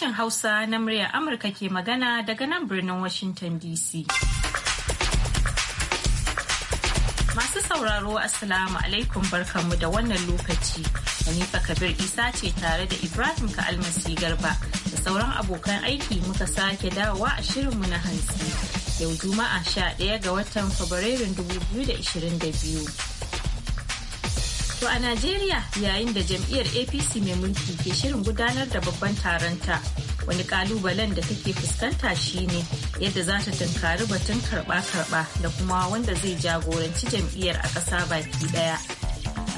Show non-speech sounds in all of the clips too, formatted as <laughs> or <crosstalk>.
sashen Hausa na murya Amurka ke magana daga nan birnin Washington DC. Masu sauraro Assalamu alaikum barkanmu da wannan lokaci. Hanifa Kabir Isa ce tare da Ibrahim ka almasi Garba da sauran abokan aiki muka sake dawowa a shirinmu na hantsi. Yau Juma'a 11 ga watan Fabrairun 2022. To a Najeriya yayin da jam'iyyar APC mai mulki ke shirin gudanar da babban taronta wani kalubalen da take fuskanta shine yadda za ta tunkari batun karba-karba da kuma wanda zai jagoranci jam'iyyar a ƙasa baki ɗaya.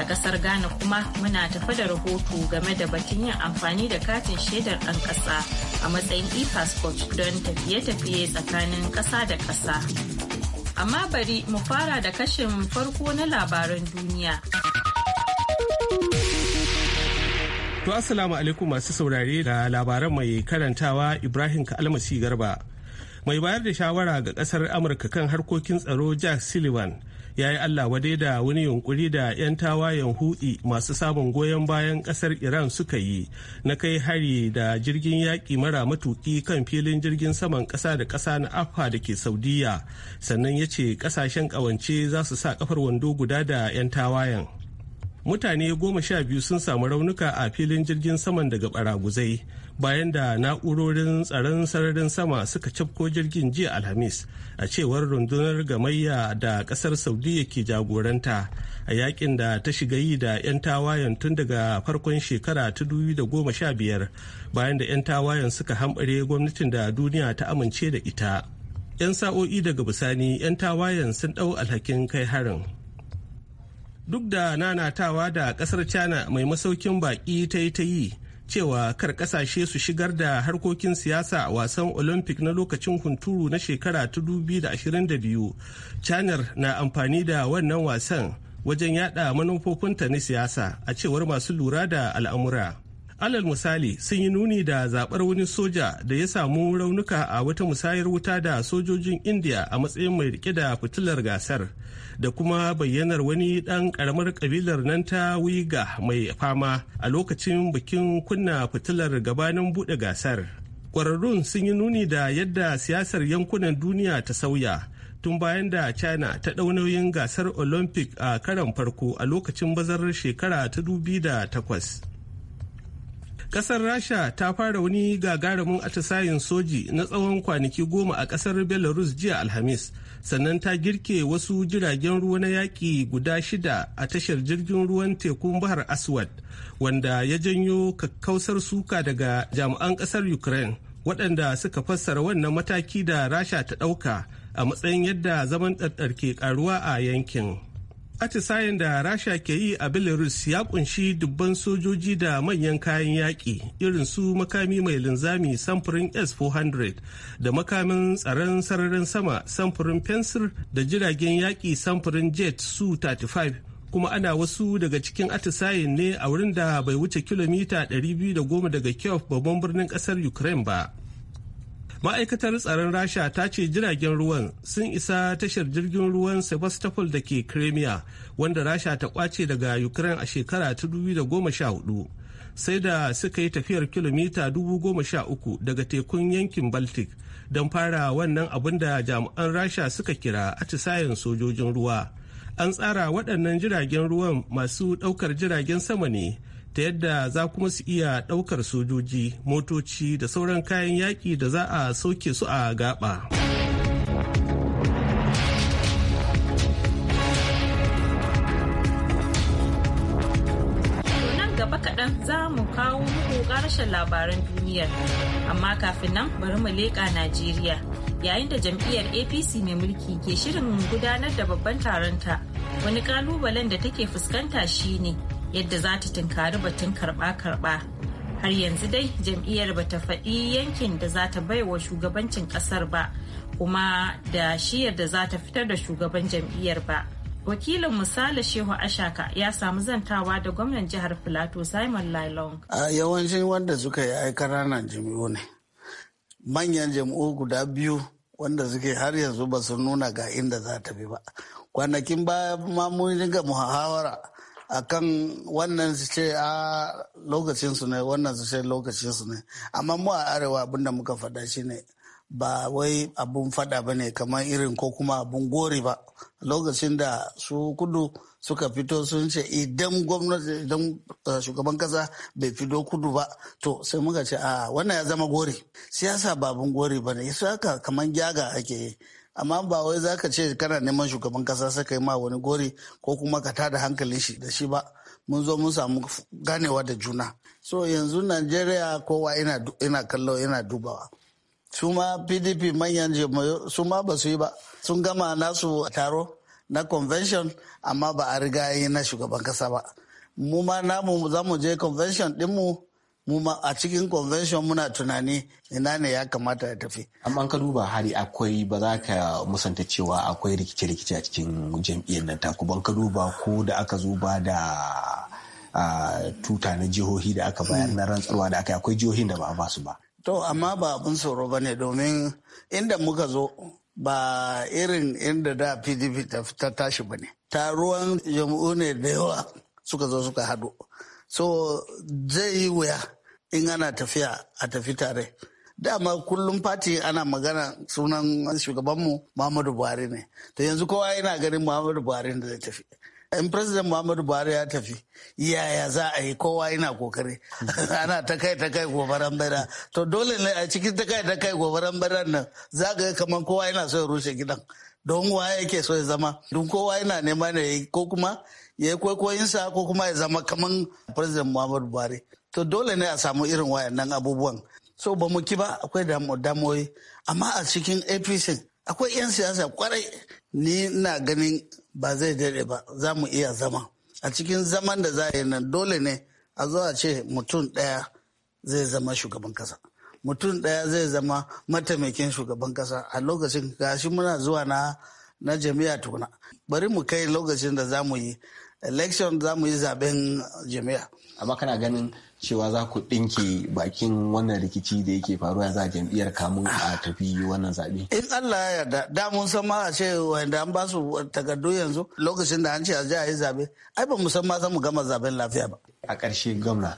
A ƙasar Ghana kuma muna tafa da rahoto game da batun yin amfani da katin shaidar ɗan ƙasa a matsayin e-passport don tafiye-tafiye tsakanin ƙasa da ƙasa. Amma bari mu fara da kashin farko na labaran duniya. To Assalamu alaikum masu saurare da labaran mai karantawa Ibrahim Kalmasi Garba. Mai bayar da shawara ga kasar Amurka kan harkokin tsaro Jack Sullivan ya yi Allah wade da wani yunkuri da 'yan tawayen huɗi masu samun goyon bayan kasar Iran suka yi na kai hari da jirgin yaƙi mara matuƙi kan filin jirgin saman ƙasa da ƙasa na Afha da ke Saudiya sannan ya ce ƙasashen ƙawance za su sa kafar wando guda da 'yan tawayen. mutane goma sha biyu sun samu raunuka a filin jirgin saman daga baraguzai bayan da na'urorin tsaron sararin sama suka cafko jirgin jiya alhamis a cewar rundunar gamayya da kasar saudiya ke jagoranta a yakin da ta shiga yi da 'yan tawayen tun daga farkon shekara ta goma sha biyar bayan da 'yan tawayen suka hamɓare gwamnatin da duniya ta amince da ita 'yan sa'o'i daga bisani 'yan tawayen sun ɗau alhakin kai harin duk da nanatawa da kasar china mai masaukin baki ta yi ta yi cewa kar kasashe su shigar da harkokin siyasa a wasan olympic na lokacin hunturu na shekara ta 2022 china na amfani da wannan wasan wajen yada manufofinta na siyasa a cewar masu lura da al'amura alal misali sun yi nuni da zaɓar wani soja da ya samu raunuka a wata musayar wuta da sojojin india a matsayin mai rike da fitilar gasar da kuma bayyanar wani ɗan karamar ƙabilar nan ta wiga mai fama a lokacin bikin kunna fitilar gabanin buɗe gasar Kwararrun sun yi nuni da yadda siyasar yankunan duniya ta sauya tun bayan da china ta ɗau nauyin gasar olympic a karan farko a lokacin bazarar shekara ta dubi da takwas. Kasar Rasha ta fara wani gagarumin atisayen soji na tsawon kwanaki goma a kasar Belarus jiya Alhamis, sannan ta girke wasu jiragen ruwa na yaƙi guda shida a tashar jirgin ruwan tekun Bahar Aswad, wanda ya janyo kakkausar suka daga jami'an kasar Ukraine, waɗanda suka fassara wannan mataki da Rasha ta ɗauka a matsayin yadda zaman ke ƙaruwa a yankin. atisayen da rasha ke yi a belarus ya kunshi dubban sojoji da manyan kayan yaƙi irin su makami mai linzami samfurin s-400 da makamin tsaron sararin sama samfurin fensir da jiragen yaƙi samfurin jet su-35 kuma ana wasu daga cikin atisayen ne a wurin da bai wuce kilomita 210 daga kiev babban birnin ƙasar ukraine ba ma'aikatar tsaron rasha ta ce jiragen ruwan sun isa tashar jirgin ruwan sebastopol da ke crimea wanda rasha ta kwace daga ukraine a shekara ta 2014 sai da suka yi tafiyar kilomita 13,000 daga tekun yankin baltic don fara wannan abin da jami'an rasha suka kira atisayen sojojin ruwa an tsara waɗannan jiragen ruwan masu ɗaukar jiragen sama ne ta yadda za kuma su iya ɗaukar sojoji motoci da sauran kayan yaƙi da za a sauke su a gaba. gaba kaɗan za mu kawo muku ƙarashen labaran duniyar amma kafin nan bari mu leƙa najeriya yayin da jam'iyyar apc mai mulki ke shirin gudanar da babban taron ta wani kalubalen da take fuskanta shine yadda za ta tunkari batun karba-karba har yanzu dai jam'iyyar ba ta faɗi yankin da za ta wa shugabancin ƙasar ba kuma da shiyar da za ta fitar da shugaban jam'iyyar ba wakilin misali shehu ashaka ya samu zantawa da gwamnan jihar filato simon lailong a yawancin wanda suka yi aikar ranar jam'iyyu ne manyan jam'u guda biyu wanda suke har yanzu ba su nuna ga inda za ta bi ba kwanakin baya ma mun dinga muhawara akan wannan su ce a lokacinsu ne wannan su lokacinsu ne amma mu a arewa abinda muka faɗa ne ba wai abun faɗa ba ne kamar irin ko kuma abun gori ba lokacin da su kudu suka fito sun ce idan gwamnati idan eh, shugaban kasa bai fito kudu ba to sai muka ce a wannan ya zama gori siyasa ba abun gori ba ne su haka kamar gyaga ake yi amma ba wai za ka ce kana neman shugaban kasa sai ka yi ma wani gori ko kuma ka tada hankalin shi da shi ba mun zo mun samu ganewa da juna so yanzu najeriya kowa ina kallo ina dubawa su ma pdp manyan jemayo su ma ba su yi ba sun gama nasu taro na convention amma ba a riga yi na shugaban kasa ba mu ma namu za mu je convention dinmu mu ma a cikin convention muna tunani ina ne ya kamata ya tafi. Amma ka duba hari akwai ba za ka musanta cewa akwai rikice-rikice a cikin jam'iyyar nan taku ban ka duba ko da aka zo da tuta na jihohi da aka bayar hmm. na rantsarwa da aka akwai jihohin da ba a basu ba. To amma ba abin tsoro ba ne domin inda muka zo ba irin inda da PDP ta tashi ba ne. Taruwan jam'u ne da yawa suka zo suka haɗu. So zai yi wuya in ana tafiya a tafi tare. Dama kullum fati ana magana sunan shugabanmu Muhammadu Buhari ne. To yanzu kowa yana ganin Muhammadu Buhari da zai tafi. in president muhammadu buhari ya tafi yaya za a yi kowa yana kokari <laughs> ana ta kai ta kai gobaran bera to dole ne a cikin ta kai ta kai gobaran bera nan za ga kamar kowa yana so ya rushe gidan don waye yake so ya zama don kowa yana nema ne ko kuma ya yi kwaikwayinsa ko kuma ya zama kaman president muhammadu buhari to dole ne a samu irin wayannan abubuwan so ba mu ki ba akwai damuwoyi amma a cikin apc akwai 'yan siyasa kwarai ni na ganin ba zai daɗe ba za mu iya zama a cikin zaman da za a nan dole ne a zo a ce mutum ɗaya zai zama shugaban kasa mutum ɗaya zai zama mataimakin shugaban kasa a lokacin gashi muna zuwa na na jami'a tukuna bari mu kai lokacin da za mu yi election za mu yi zaben jami'a amma kana ganin cewa za ku ɗinke bakin wannan rikici da yake faruwa za jam'iyyar kamu a tafi wannan zaɓe. In Allah ya yarda da mun san ma a ce wanda an ba su takardu yanzu lokacin da an ce a je a yi zaɓe ai ba mu san ma mu gama zaɓen lafiya ba. A ƙarshe gwamna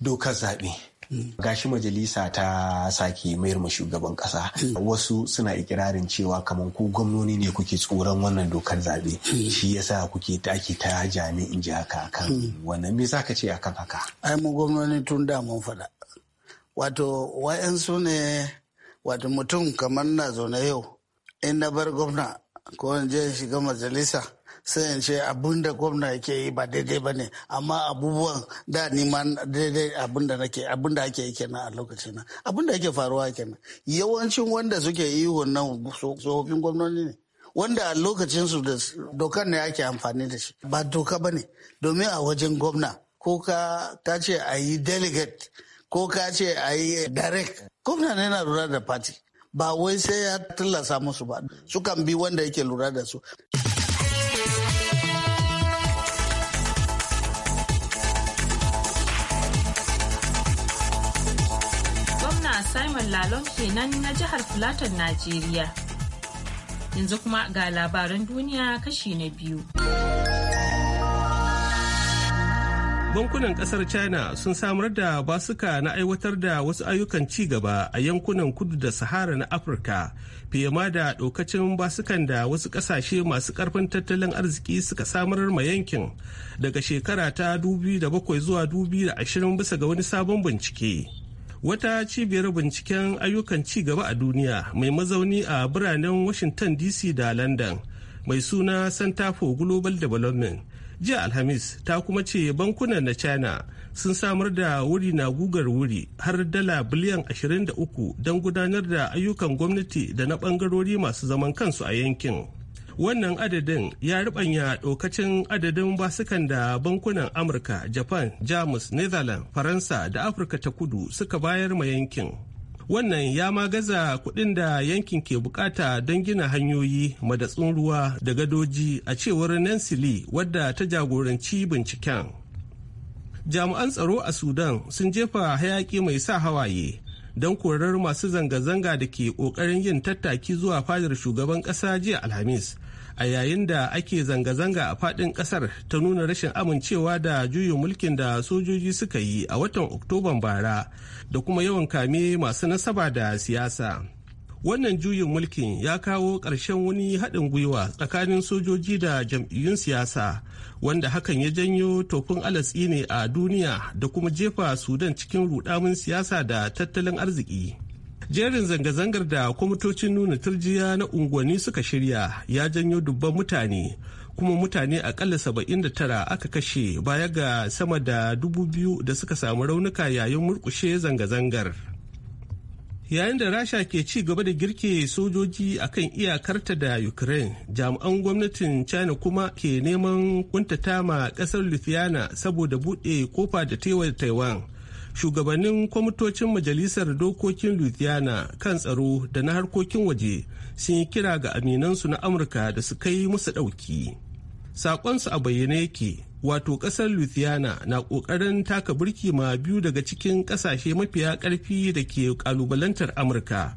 dokar zaɓe gashi majalisa ta sake mayar ma shugaban kasa wasu suna ikirarin cewa kamar ku gwamnoni ne kuke tsoron wannan dokar zabe shi yasa kuke taki ta jami'in ji haka kan wannan me zaka ce akan haka ai mu gwamnoni tun da mun faɗa wato su ne wato mutum kamar na zaune yau in na bar gwamna ko in je shiga majalisa sai in ce abin da gwamna yake yi ba daidai ba ne amma abubuwan da nima ma daidai abin da nake abin da ake yi kenan a lokacin na abin da yake faruwa kenan yawancin wanda suke yi nan tsofaffin gwamnoni ne wanda a lokacinsu da dokar ne ake amfani da shi ba doka ba ne domin a wajen gwamna ko ka ta ce a yi delegate ko ka ce a yi direct gwamna ne na lura da party ba wai sai ya tallasa musu ba sukan bi wanda yake lura da su. Simon Lalon kenan na jihar Filatan Najeriya. Yanzu kuma ga labaran duniya kashi na biyu. Bankunan kasar China sun samar da basuka na aiwatar da wasu ayyukan ci gaba a yankunan kudu da Sahara na Afirka fiye ma da ɗaukacin basukan da wasu kasashe masu karfin tattalin arziki suka samar ma yankin daga shekara ta 2007 zuwa 2020 bisa ga wani sabon bincike. wata cibiyar binciken ayyukan ci gaba a duniya mai mazauni a biranen washington dc da london mai suna center for global development jiya alhamis ta kuma ce bankunan na china sun samar da wuri na gugar wuri har dala biliyan 23 don gudanar da ayyukan gwamnati da na bangarori masu zaman kansu a yankin wannan adadin ya rubanya ɗaukacin adadin basukan da bankunan amurka japan jamus netherlands faransa da afirka ta kudu suka bayar ma yankin wannan ya magaza kudin da yankin ke bukata don gina hanyoyi madatsun ruwa da gadoji a cewar nancy lee wadda ta jagoranci binciken jami'an tsaro a sudan sun jefa hayaki mai sa hawaye don korar masu zanga-zanga da ke kokarin yin tattaki zuwa fadar shugaban kasa jiya alhamis a yayin da ake zanga-zanga a fadin kasar ta nuna rashin amincewa da juyin mulkin da sojoji suka yi a watan oktoban bara da kuma yawan kame masu nasaba da siyasa wannan juyin mulkin ya kawo ƙarshen wani haɗin gwiwa tsakanin sojoji da jam'iyyun siyasa wanda hakan ya janyo tofin alatsi ne a duniya da kuma jefa sudan cikin rudamin siyasa da tattalin arziki jerin zanga-zangar da kwamitocin nuna turjiya na unguwanni suka shirya ya janyo dubban mutane kuma mutane akalla 79 aka kashe baya ga sama da dubu biyu da suka samu raunuka yayin murkushe zanga-zangar yayin da rasha ke ci gaba da girke sojoji akan iyakarta da ukraine jami'an gwamnatin china kuma ke neman kuntata ma kasar lithuania saboda buɗe kofa da taiwan shugabannin kwamitocin majalisar dokokin louisiana kan tsaro da na harkokin waje sun yi kira ga aminansu na amurka da su kai musu ɗauki saƙonsu a bayyane yake wato ƙasar louisiana na ƙoƙarin taka birki ma biyu daga cikin ƙasashe mafiya ƙarfi da ke ƙalubalantar amurka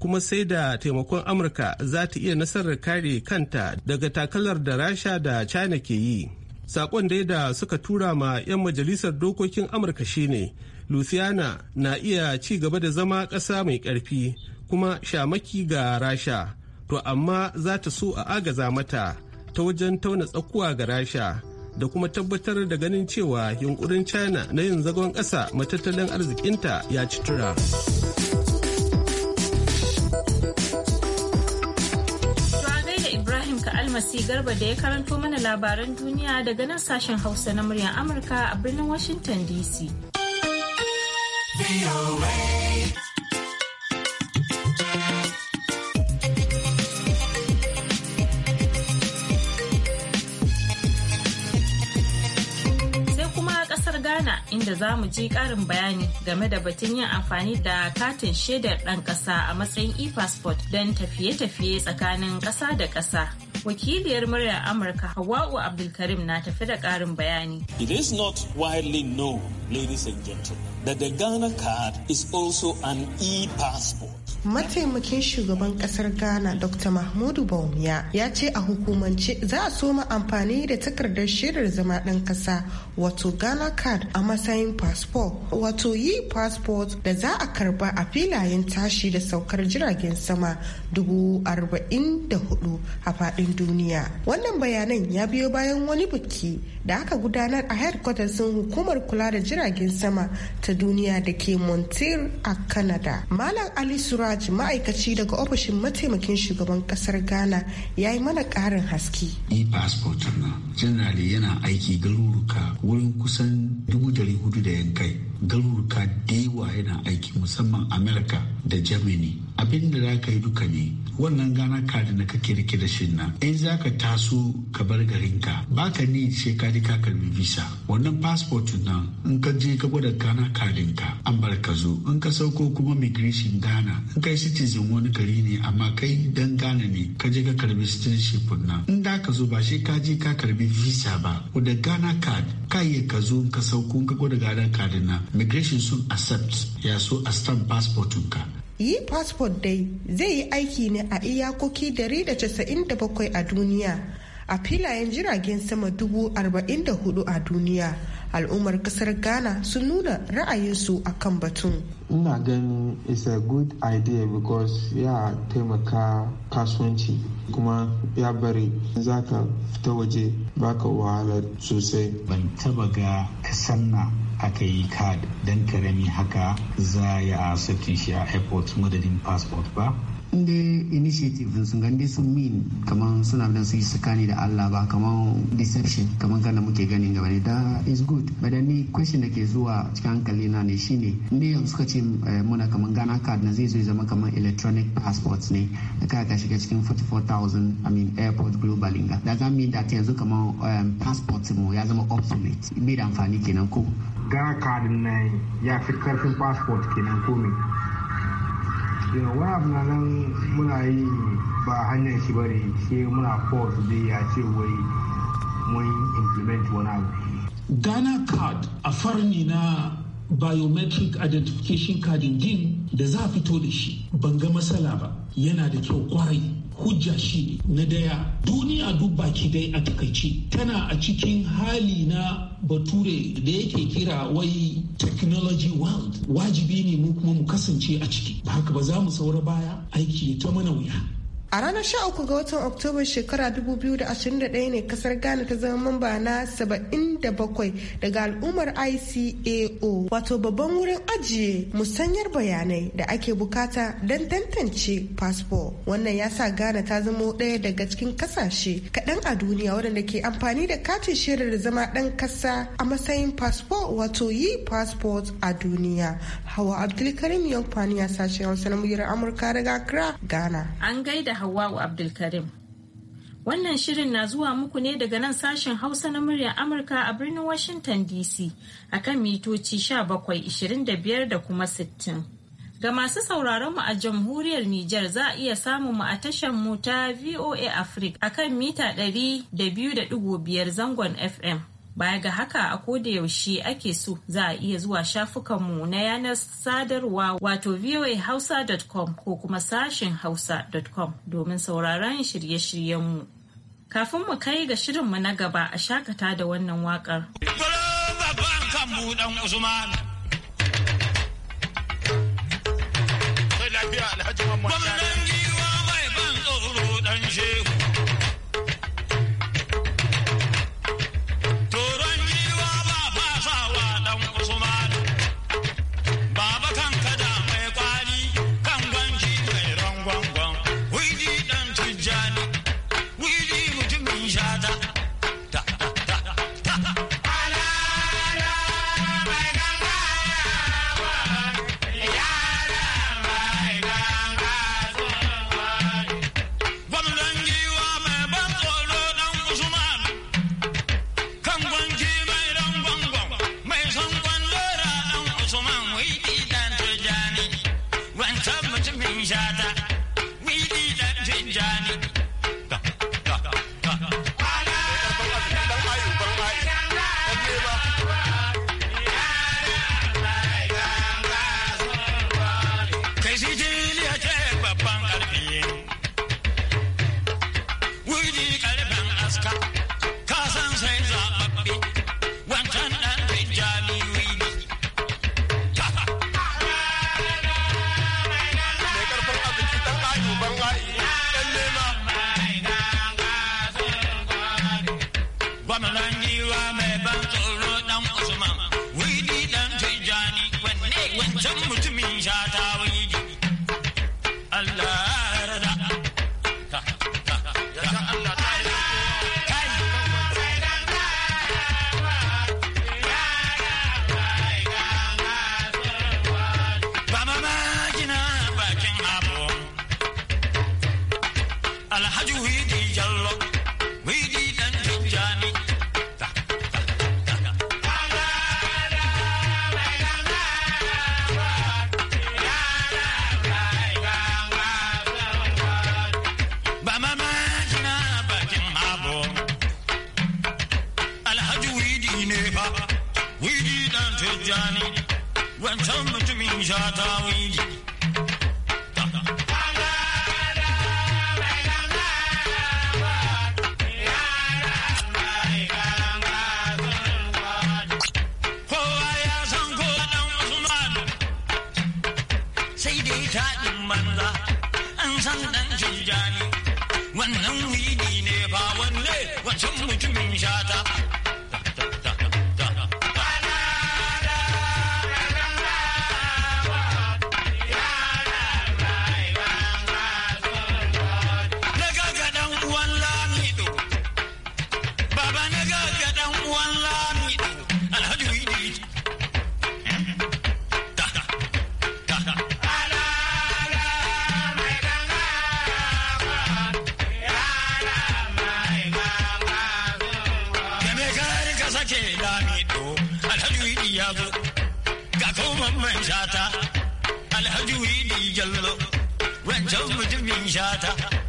kuma sai da taimakon amurka za ta iya nasarar kare kanta daga takalar da rasha da china ke yi sakon dai da suka tura ma 'yan majalisar dokokin amurka shine Louisiana na iya ci gaba da zama ƙasa mai ƙarfi kuma shamaki ga Rasha, to amma za ta so a agaza mata ta wajen tauna tsakuwa ga Rasha da kuma tabbatar da ganin cewa yunkurin China na yin zagon ƙasa matattalin arzikinta ya ci tura. almasi garba da ya karanto mana labaran duniya daga nan sashen hausa na muryar amurka a birnin washington dc Ghana inda za mu ji ƙarin bayani game da batun yin amfani da katin shaidar ɗan ƙasa a matsayin e-passport don tafiye-tafiye tsakanin ƙasa da ƙasa. Wakiliyar muryar Amurka Hawa'u Abdulkarim na tafi da ƙarin bayani. It is not widely known, ladies and gentlemen, that the Ghana card is also an e-passport. mataimakin shugaban kasar ghana dr mahmudu baumiya ya ce a hukumance za a soma amfani da takardar shaidar zama ɗan ƙasa wato ghana card a matsayin fasfo wato yi passport da za a karba a filayen tashi da saukar jiragen sama dubu da hudu a faɗin duniya wannan bayanan ya biyo bayan wani biki da aka gudanar a headquarters hukumar kula da jiragen sama ta duniya da ke montreal a canada malam ali sura Faraj ma'aikaci daga ofishin mataimakin shugaban kasar Ghana ya yi mana ƙarin haske. E-passport na generally yana aiki garuruka wurin kusan dubu dari da yankai garuruka da yawa yana aiki musamman Amerika da germany abin da za ka yi duka ne wannan gana kadi na kake rike da shin nan in za ka taso ka bar garinka ba ka ni sai ka ka karbi visa wannan passport nan in ka je ka gwada gana kadin ka an bar ka zo in ka sauko kuma migration gana in kai citizen wani gari ne amma kai dan gana ne ka je ka karbi citizenship nan in da ka zo ba shi ka je ka karbi visa ba da gana card ka yi ka zo in ka sauko ka gwada gana kadin nan migration sun accept ya so a stamp passport ka yi fasfot dai zai yi aiki ne a iyakoki 197 a duniya a filayen jiragen sama 44 a duniya al'ummar kasar ghana sun nuna ra'ayinsu a kan batun ina ganin it's a good idea because ya taimaka kasuwanci kuma ya bari za ka fita waje baka wahala sosai ban taba ga kasan na aka yi card dan karami haka za ya sakin shi a airport madadin passport ba inda initiative sun gande sun min kamar suna da su yi tsakani da Allah ba kamar deception kamar kana muke ganin gaba ne da is good but ni question da ke zuwa cikin hankali na ne shine ne yanzu suka ce eh, muna kamar Ghana card na zai zo zama kamar electronic passport ne da kaka ka shiga cikin 44000 I mean airport global inga da za mean that yanzu kamar um, passport mu ya zama obsolete bai da amfani kenan ko Ghana card nan ya fi karfin passport kenan ko me yawa na nan muna yi ba hanyar shi bane sai muna force da ya ce wai mun implement wani abu ghana card a farni na biometric identification card din da za a fito da shi ban ga matsala ba yana da kyau kwarai hujja shi ne na daya duniya duk baki dai a takaice tana a cikin hali na bature da yake kira wai technology world wajibi ne mu kuma mu kasance a ciki ba haka ba za mu saura baya aiki ta mana wuya A ranar 13 ga watan Oktoba shekara 2021 ne kasar Ghana ta zama mamba na 77 daga al'ummar ICAO wato babban wurin ajiye musanyar bayanai da ake bukata don tantance fasfo. Wannan ya sa Ghana ta zama ɗaya daga cikin kasashe kaɗan a duniya waɗanda ke amfani da katin shaidar da zama ɗan ƙasa a matsayin fasfo wato yi passport a duniya. Hawa Abdulkarim Yankfani ya sashen Hausa na Amurka daga Accra, Ghana. An gaida Hawwa'u Abdulkarim. Wannan shirin na zuwa muku ne daga nan sashen Hausa na muryar Amurka a birnin Washington DC a kan mitoci 1725 da kuma 60. Ga masu sauraron mu a jamhuriyar Nijar za a iya samun mu a tashar mu ta VOA Africa a kan mita 200.5 zangon FM. Baya ga haka a koda yaushe ake so za a iya zuwa shafukanmu na yanar sadarwa wato voahausa.com ko kuma sashin hausa.com domin sauraron shirye-shiryenmu. Kafin mu kai ga shirinmu na gaba a shakata da wannan waƙar. Gwamnan giwa mai ban tsoro shehu. shata alhaji wili jallo wancan mutumin shata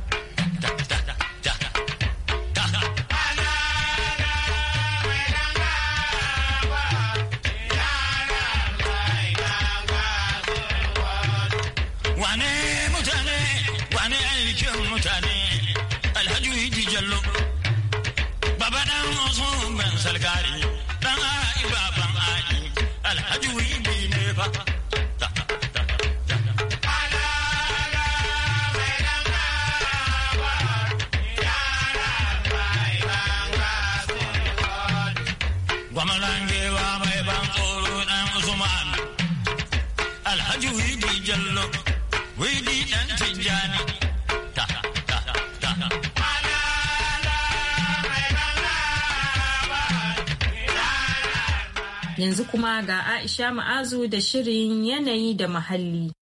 Yanzu kuma ga Aisha Ma'azu da shirin yanayi da muhalli.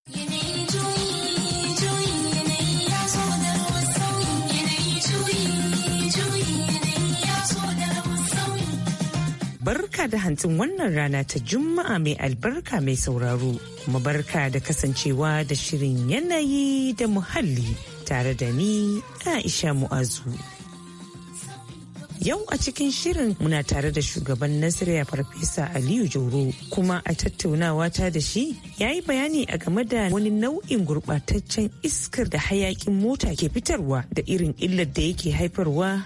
barka da hantsin wannan rana ta juma'a mai albarka mai sauraro kuma barka da kasancewa da shirin yanayi da muhalli tare da ni aisha mu'azu Yau a cikin shirin muna tare da shugaban Nasiriya Farfesa Aliyu Jauro kuma a tattaunawa ta da shi ya yi bayani a game da wani nau'in gurɓataccen iskar da hayakin mota ke fitarwa da irin illar da yake haifarwa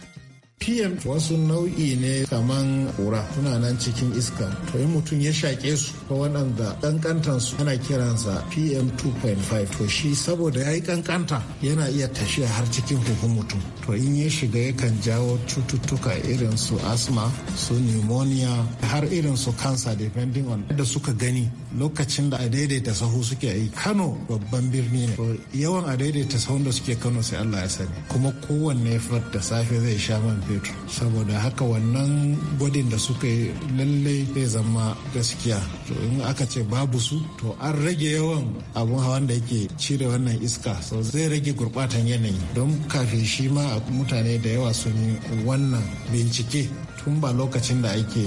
PM wasu nau'i ne kaman kura suna nan cikin iska to in mutum ya shaƙe su ko waɗanda ƙanƙantan su ana kiransa PM 2.5 to shi saboda ya yi ƙanƙanta yana iya tashe har cikin huhun mutum to in ya shiga yakan jawo cututtuka irin su asma su pneumonia har irin su kansa depending on yadda suka gani lokacin da a daidaita sahu suke yi kano babban birni ne yawan a daidaita sahun da suke kano sai allah ya sani kuma kowanne da safe zai sha man Petro saboda haka wannan gwadin da suka yi lallai zai zama gaskiya to in aka ce babu su to an rage yawan abun hawan da yake cire wannan iska so zai rage gurbatan yanayi don kafin shi ma mutane da yawa sun yi wannan bincike tun ba lokacin da ake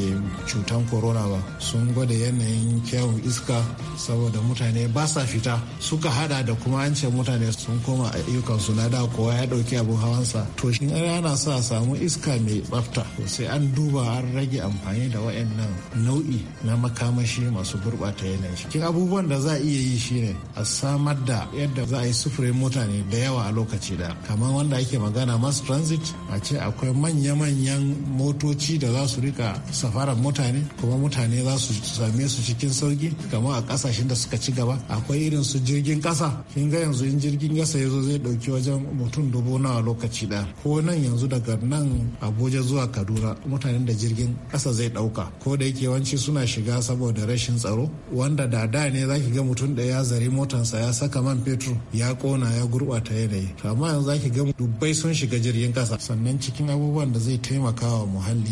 cutan corona ba sun gwada yanayin kyawun iska saboda mutane ba sa fita suka hada da kuma an ce mutane sun koma ayyukansu na da kowa ya dauki abin hawansa to shin ana sa samu iska mai tsafta sai an duba an rage amfani da wayannan nau'i na makamashi masu gurbata yanayi cikin abubuwan da za a iya yi shine a samar da yadda za a yi sufurin mutane da yawa a lokaci da kamar wanda ake magana mass transit a ce akwai manya-manyan motoci motoci da za su rika safarar mutane kuma mutane za su same su cikin sauki kamar a kasashen da suka ci gaba akwai irin su jirgin kasa kin ga yanzu in jirgin kasa ya zo zai dauki wajen mutum dubu nawa lokaci da ko nan yanzu daga nan abuja zuwa kaduna mutanen da jirgin kasa zai dauka ko da yake yawanci suna shiga saboda rashin tsaro wanda da da ne zaki ga mutum da ya zari motansa ya saka man fetur ya kona ya gurbata yanayi amma yanzu zaki ga dubbai sun shiga jirgin kasa sannan cikin abubuwan da zai taimaka wa muhalli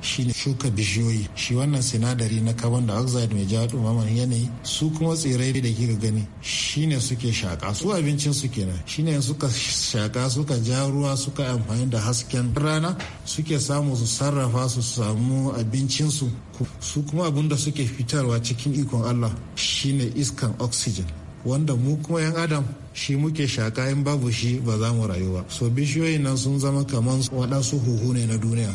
Shi ne shuka bishiyoyi shi wannan sinadari na carbon dioxide mai jawo dumaman yanayi su kuma tsirai da kika gani Shi ne suke shaka su abincin su kenan ne suka shaka suka ja ruwa suka amfani da hasken rana suke samu su sarrafa su samu abincin su su kuma abin da suke fitarwa cikin ikon Allah Shi ne iskan oxygen wanda mu kuma 'yan adam shi muke shaka in babu shi ba za mu rayu ba so bishiyoyin nan sun zama kamar waɗansu huhu ne na duniya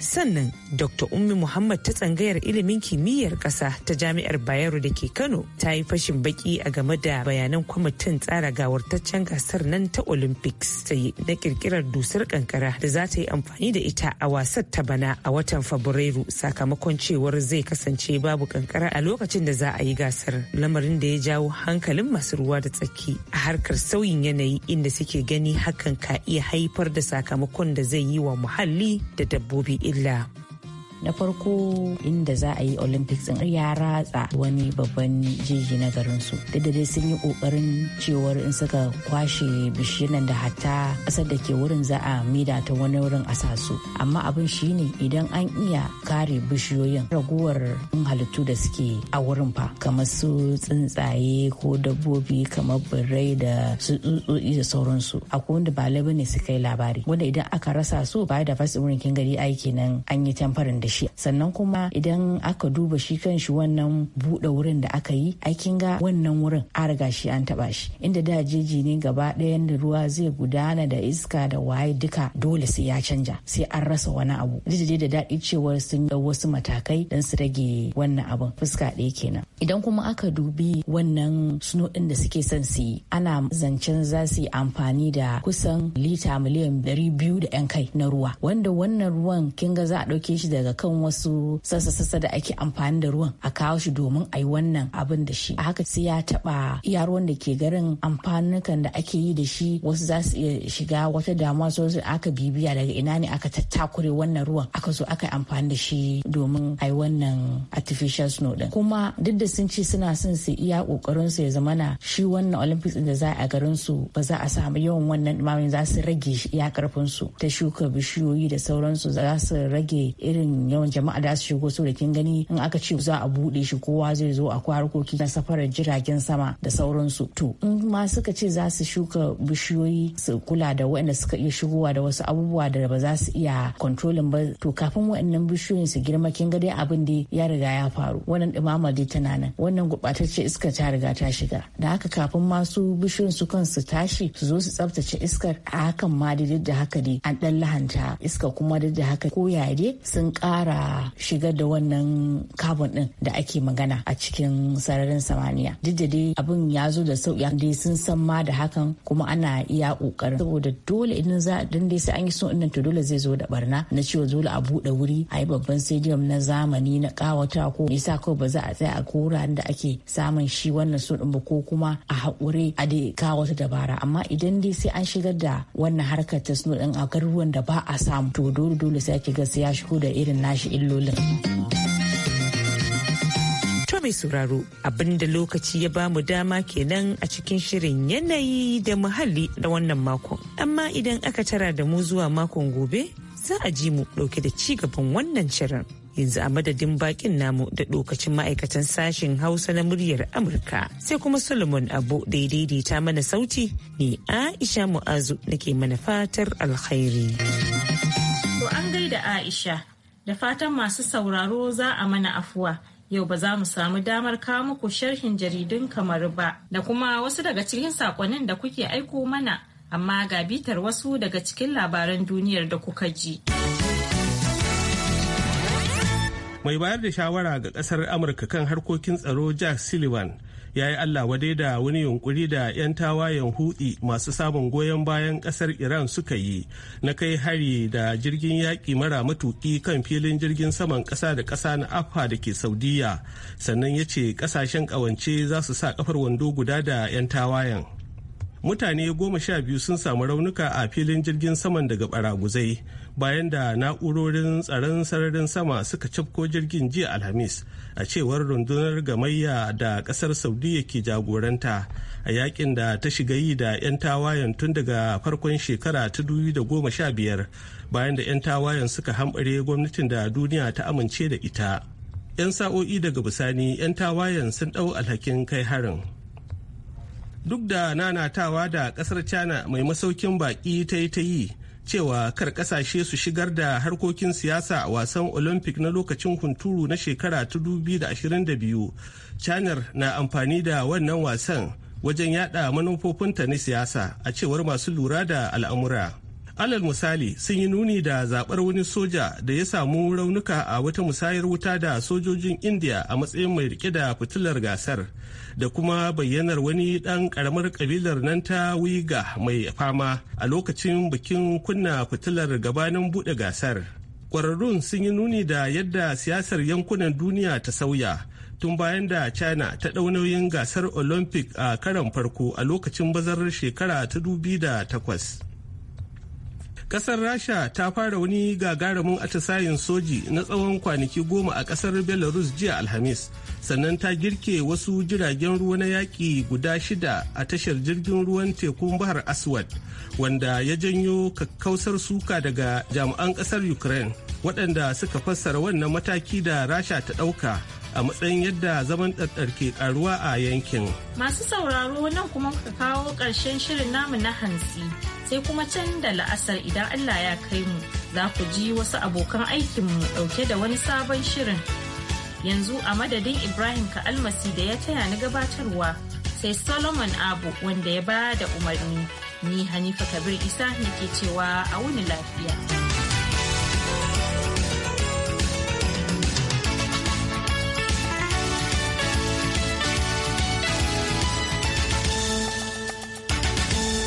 sannan dr ummi muhammad ta tsangayar ilimin kimiyyar ƙasa ta jami'ar bayero da ke kano ta yi fashin baki a game da bayanan kwamitin tsara gawartaccen gasar nan ta olympics sai na kirkirar dusar kankara da za ta yi amfani da ita a wasar ta bana a watan fabrairu sakamakon cewar zai kasance babu kankara a lokacin da za a yi gasar lamarin da ya jawo hankalin masu ruwa da tsaki a harkar sauyin yanayi inda suke gani hakan ka iya haifar da sakamakon da zai yi wa muhalli da dabbobi illa na farko inda za a yi olympics din ya ratsa wani babban jeji na garin su duk da dai sun yi kokarin cewar in suka kwashe bishiyar da hatta kasar da ke wurin za a mida ta wani wurin a sa su amma abin shine idan an iya kare bishiyoyin raguwar halittu da suke a wurin fa kamar su tsuntsaye ko dabbobi kamar birrai da su tsutsotsi da sauransu akwai wanda ba ne su kai labari wanda idan aka rasa su ba da wurin kin gari aiki nan an yi tamfarin da da shi sannan kuma idan aka duba shi kan shi wannan buɗe wurin da aka yi aikin ga wannan wurin a riga shi an taɓa shi inda da jeji ne gaba ɗaya da ruwa zai gudana da iska da waye duka dole sai ya canja sai an rasa wani abu jijiji da daɗi cewar sun yi wasu matakai don su rage wannan abun fuska ɗaya kenan idan kuma aka dubi wannan suno ɗin da suke son su yi ana zancen za su yi amfani da kusan lita miliyan ɗari biyu da 'yan kai na ruwa wanda wannan ruwan kinga za a ɗauke shi daga kan wasu sassa-sassa da ake amfani da ruwan a kawo shi domin a yi wannan abin da shi a haka sai ya taɓa iya da ke garin amfanukan da ake yi da shi wasu za su iya shiga wata damuwa sosai aka bibiya daga ina ne aka tattakure wannan ruwan aka so aka amfani da shi domin a yi wannan artificial snow din kuma duk da sun ce suna son su iya kokarin su ya zama na shi wannan olympics da za a garin su ba za a samu yawan wannan dumamin za su rage iya karfin su ta shuka bishiyoyi da sauransu za su rage irin yawan jama'a da su shigo so da kin gani in aka ce za a buɗe shi kowa zai zo akwai harkoki na safarar jiragen sama da sauransu to in ma suka ce za su shuka bishiyoyi su kula da waɗanda suka iya shigowa da wasu abubuwa da ba za su iya kontrolin ba to kafin waɗannan bishiyoyin su girma kin ga dai abin da ya riga ya faru wannan ɗumama dai tana nan wannan gurɓatacce iska ta riga ta shiga da haka kafin masu bishiyoyin su su tashi su zo su tsaftace iskar a hakan ma dai da haka dai an ɗan lahanta iska kuma duk da haka ko yare sun ƙara fara shigar da wannan carbon din da ake magana a cikin sararin samaniya duk da dai abin ya zo da sauƙi dai sun san ma da hakan kuma ana iya ƙoƙarin saboda dole idan za dan dai sai an yi son innan to dole zai zo da barna na cewa dole a buɗe wuri a yi babban stadium na zamani na kawata ko yasa ko ba za a tsaya a kora da ake samun shi wannan so din ba ko kuma a haƙure a dai kawo dabara amma idan dai sai an shigar da wannan harkar ta snow din a garuruwan da ba a samu to dole dole sai ake ga sai ya shigo da irin nashi illolin. mai sauraro abinda lokaci ya ba mu dama kenan a cikin shirin yanayi da muhalli na wannan makon. Amma idan aka tara da mu zuwa makon gobe za a ji mu ɗauke da ci gaban wannan shirin. yanzu a madadin bakin namu da lokacin ma'aikatan sashen hausa na muryar amurka sai kuma solomon abu da daidaita mana sauti ne aisha mu'azu nake mana fatar alkhairi to an gaida aisha da fatan masu sauraro za a mana afuwa. Yau ba za mu samu damar kawo muku sharhin jaridun kamar ba da kuma wasu daga cikin sakonnin da kuke aiko mana amma ga bitar wasu daga cikin labaran duniyar da kuka ji. Mai bayar da shawara ga kasar Amurka kan harkokin tsaro Jack Sullivan ya yi allah wadai da wani yunkuri da 'yan tawayen hudi masu samun goyon bayan kasar iran suka yi na kai hari da jirgin yaƙi mara matuƙi kan filin jirgin saman ƙasa da ƙasa na afa da ke saudiya sannan ya ce ƙasashen ƙawance za su sa ƙafar wando guda da 'yan tawayen mutane goma sha biyu sun samu raunuka a filin jirgin saman daga baraguzai bayan da na'urorin tsaron sararin sama suka cafko jirgin jiya alhamis a cewar rundunar gamayya da kasar saudiya ke jagoranta a yakin da ta shiga yi da 'yan tawayen tun daga farkon shekara ta 2015 bayan da 'yan tawayen suka hambare gwamnatin da duniya ta amince da ita 'yan sa'o'i daga bisani 'yan tawayen sun ɗau alhakin kai harin duk da nanatawa da kasar china mai masaukin baki ta yi ta yi cewa kar kasashe su shigar da harkokin siyasa a wasan olympic na lokacin hunturu na shekara ta 2022 Chanar na amfani da wannan wasan wajen yada manufofinta na siyasa a cewar masu lura da al'amura. alal misali sun yi nuni da zaɓar wani soja da ya samu raunuka a wata musayar wuta da sojojin indiya a matsayin mai rike da fitilar gasar da kuma bayyanar wani ɗan karamar ƙabilar nan ta wiga mai fama a lokacin bikin kunna fitilar gabanin buɗe gasar ƙwararrun sun yi nuni da yadda siyasar yankunan duniya ta sauya tun bayan da china ta ɗau nauyin gasar olympic a karan farko a lokacin bazarar shekara ta 2008 kasar rasha ta fara wani gagarumin atisayin soji na tsawon kwanaki goma a kasar belarus jiya alhamis sannan ta girke wasu jiragen ruwa na yaƙi guda shida a tashar jirgin ruwan tekun bahar aswad wanda ya janyo kakkausar suka daga jami'an kasar ukraine waɗanda suka fassara wannan mataki da rasha ta ɗauka a matsayin yadda zaman ke karuwa a yankin. Masu sauraro nan kuma ka kawo ƙarshen shirin namu na hantsi sai kuma can da la'asar idan Allah ya kai mu za ku ji wasu abokan aikinmu ɗauke da wani sabon shirin. Yanzu a madadin Ibrahim ka almasi da ya taya ni gabatarwa sai Solomon Abu wanda ya ba da umarni. Ni Hanifa Kabir Isa ne ke cewa a wuni lafiya.